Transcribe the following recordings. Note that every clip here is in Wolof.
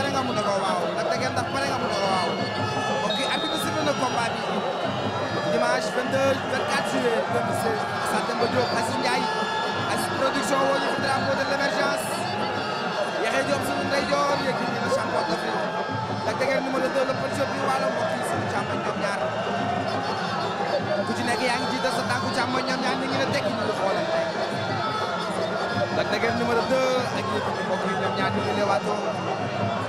pare nga mu ne ko waaw Lac yi arbitre bi sifflé na combat bi dimanche 22 24 juillet 2016 Stade Demba Diop Aziz Ndiaye Aziz production woo ñu fi drapeau de l'émergence Yaxya Diop suñu ndeyjoor yëkki ñu ne champion d'Afrique Lac de Guiers numéro 2 le policier bi wàllu mbokk yi suñu càmmoñ ñoom sa tànku càmmoñ ñoom ñaar ñu ngi ne tekki ñu ngi xoolante Lac de Guiers numéro 2 ak yëpp ñu ngi leewaatoo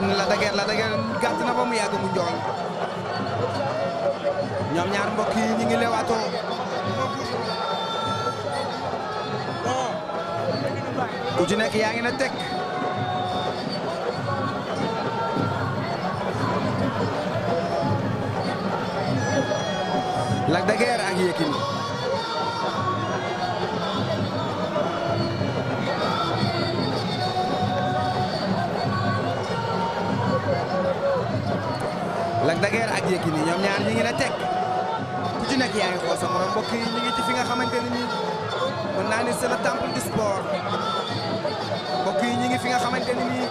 génn la dageer la dageer na ba mu yàgg mu njool ñoom ñaar mbokk yi ngi lewaatoo ku ci ngi na teg la dageer ak Yékini Lac de Guiers ak Yékini ñoom ñaar ñi ngi ne teg ku ci nekk yaa ngi morom mbokk yi ngi ci fi nga xamante ne nii mën naa ne c'est le temple du sport yi ñu ngi fi nga xamante ne nii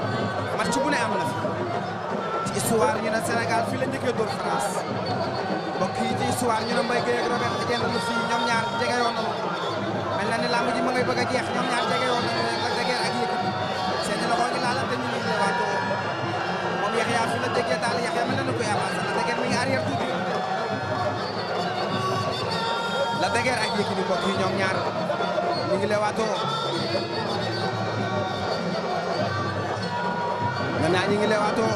match bu ne am na fi ci histoire ñu ne Sénégal fii la njëkkee dóor France mbokk ci histoire ñu ne Mbaye Guèye ak Robert ñoom ñaar jege yoon nañu na ne làmb ji ma ngay bëgg a jeex ñoom ñaar jege la déggee daal Yaxya mel na nu koy avancé la déggee mi ngi arrière tuuti la déggee ak Yékini mbokk yi ñoom ñaar ñu ngi leewaatoo maintenant ñu ngi leewaatoo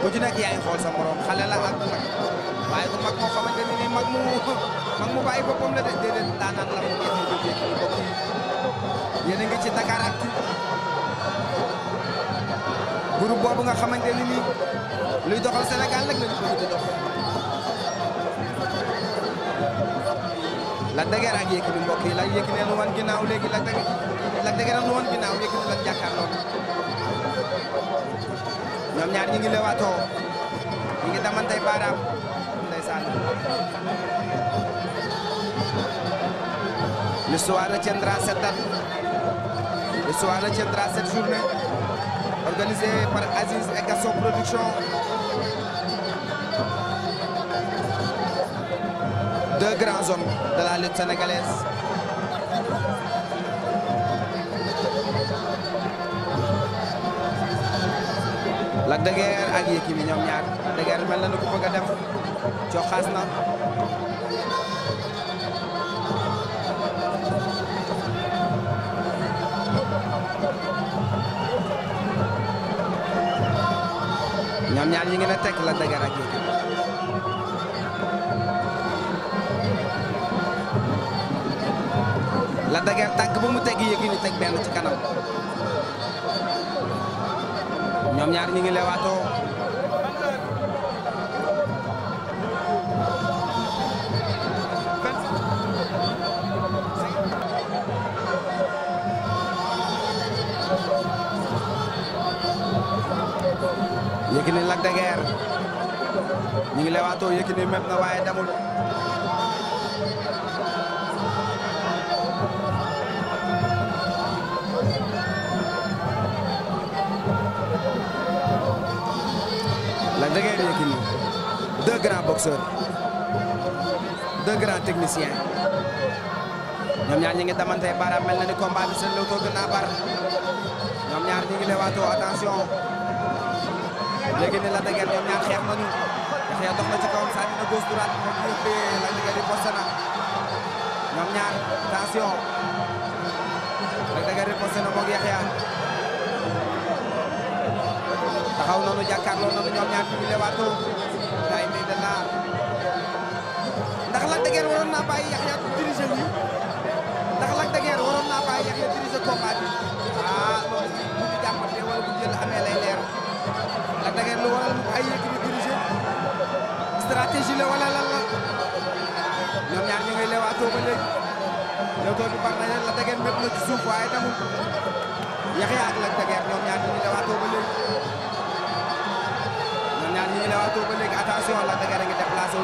ku ci nekk yaay xool sa morom xale la ak mag waaye ku mag moo xamante ne nii mag mu mag mu bàyyi boppam la de déedéet daanaan la groupe boobu nga xamante ni nii luy doxal Sénégal rek lañu bëgg dox Lac de Guiers ak Yékini mbokk yi la Yékini nu woon ginnaaw léegi Lac de Lac de Guiers nu woon ginnaaw Yékini la jàkkaarloo ñoom ñaar ñi ngi ñi ngi damantay cette date cette journée organisé par Aziz et Production. Deux grands hommes de la lutte sénégalaise. La guerre à été Yékini la ñaar La guerre Guiers mel bëgg ñi ngi na teg la dëgër la dëgër tànk bu mu teg teg benn ci kanam ñoom ñaar ñi ngi leewaatoo Yékini Lac de Guiers ñu ngi lewaatoo Yékini na waaye demul Lac de Guiers Yékini deux grands boxeurs deux grands techniciens ñoom ñaar ñi ngi damante baaraam mel na ni combat bi seen bar ñoom ñaar ñi ngi lewaatoo léegi ne Lac de Guiers ñoom ñaar xeex nañu xeex dox ci kawam sànni na góos duraat moom yëpp Lac de Guiers riposte na ñoom ñaar tension Lac de Guiers riposte na moog Yaxya taxaw noonu jàkkaarloo noonu ñoom ñaar fi mu lewaatoo day ne da naa ndax Lac de Guiers waroon naa bàyyi Yaxya diriger ndax Lac de Guiers waroon naa bàyyi Yaxya diriger combat bi mbépp na ci suuf waaye demul Yaxya ak Lac de Guiers ñaar ñu ngi ba léegi ñoom ñaar ñu ngi ba léegi attention Lac de Guiers a ngi déplacé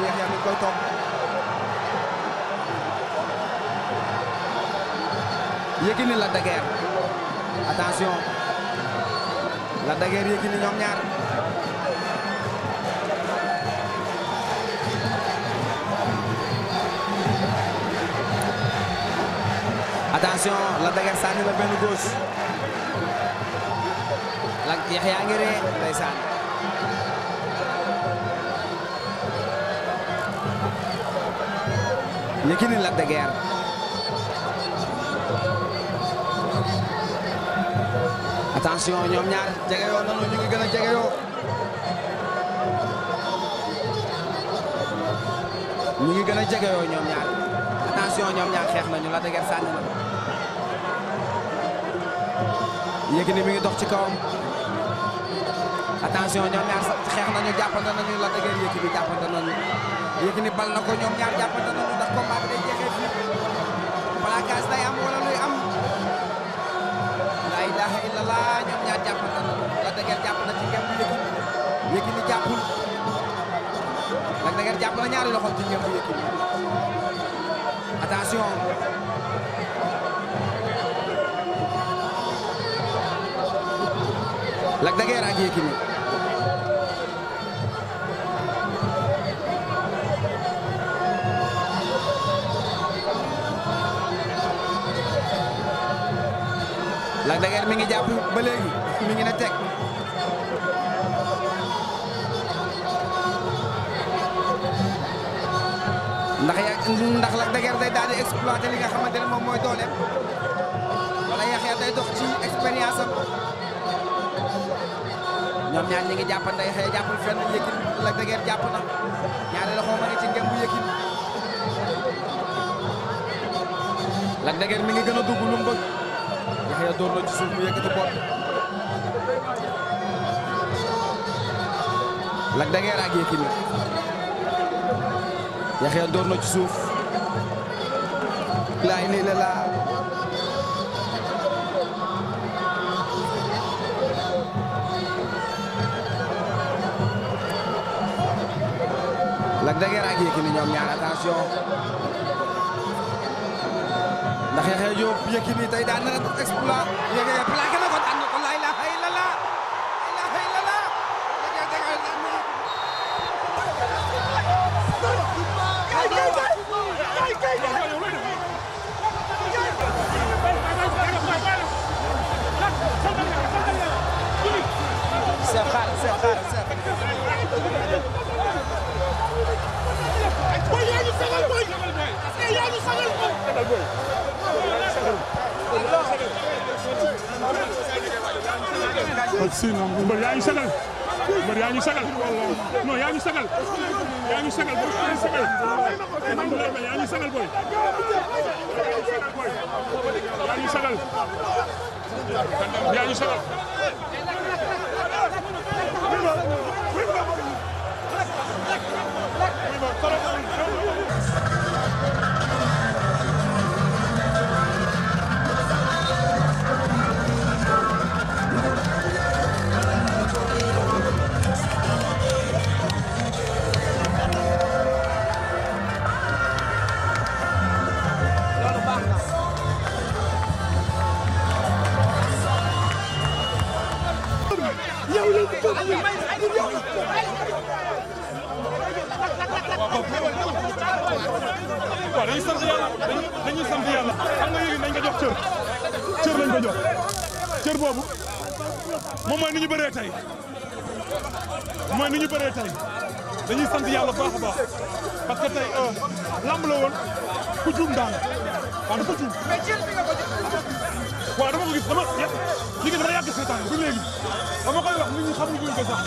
wu koy attention ñaar Attention, la daga sànni ba benn gauche. La Yaxya ngi ree ndeysaan. Yékini la de Guiers. Attention ñoom ñaar yo nanu ñu ngi gën a jegeyoo. ñu ngi gën a jegeyoo ñaar attention ñaar nañu Yékini mi ngi dox ci kawam attention ñoom ñaar xeex nañu jàppante nañu la dëgër Yékini jàppante nañu Yékini bal na ko ñoom ñaar jàppante nañu ndax combat bi day jeexee fii placage day am wala luy am la ilaha illallah ñoom ñaar jàppante nañu la dëgër jàpp na ci ngemb Yékini Yékini jàppul la dëgër jàpp na ñaari loxo ci ngemb Yékini attention Lac de Guerre ak Yékini Lac de Guerre mi ngi jàpp ba léegi mi ngi na teg ndax ya ndax Lac de Guerre day daal di exploiter li nga xamante ne moom mooy ya. dooleem wala Yaxya day dox ci expérience ñoom ñaar ñi ngi jàppanday xëy jàppul fenn Yékini Lac de Guiers jàpp na ñaari loxo ma ngi ci ngem bu Yékini Lac mi ngi gën a dugg lu mu bëgg Yaxya dóor na ci suuf mu yëkkati bopp Lac de Guiers ak Yékini Yaxya dóor ci suuf laay lii la Lac lagi Guiers ak Yékini ñoom ñaar attention ndax Yaxya Diop Yékini tey daan na ko exploit Yékini plaqué na ko daan ko la ilaha illallah ak siin mbër yaa ñu sagal mbër yaa ñu sagal non yaa ñu sagal yaa ñu sagal booy yaa ñu sagal yaa yaa ñu sagal waaw dañuy sant yàlla dañuy sant yàlla xam nga yéegi dañ ko cër cër lañ ko cër boobu moom mooy ni ñu bëree tey mooy ni ñu bëree tey dañuy sant yàlla baax a baax parce que tey euh, lamb la woon ku daal waaw dafa waaw dama ko gis dama yàgg jigéen dama yàgg seetaan ba léegi dama koy wax nit ñi xamuñu ko sax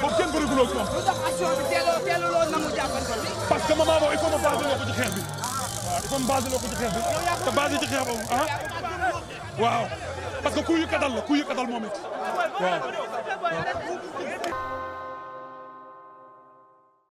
boobu kenn bëri guloo ko moom. lu tax action bi teeloo teeluloo nangu jàppante bi. parce que maman boobu il xeex bi waaw il faut ma xeex bi te ah. waaw parce que ku yëkkatal la ku yëkkatal moo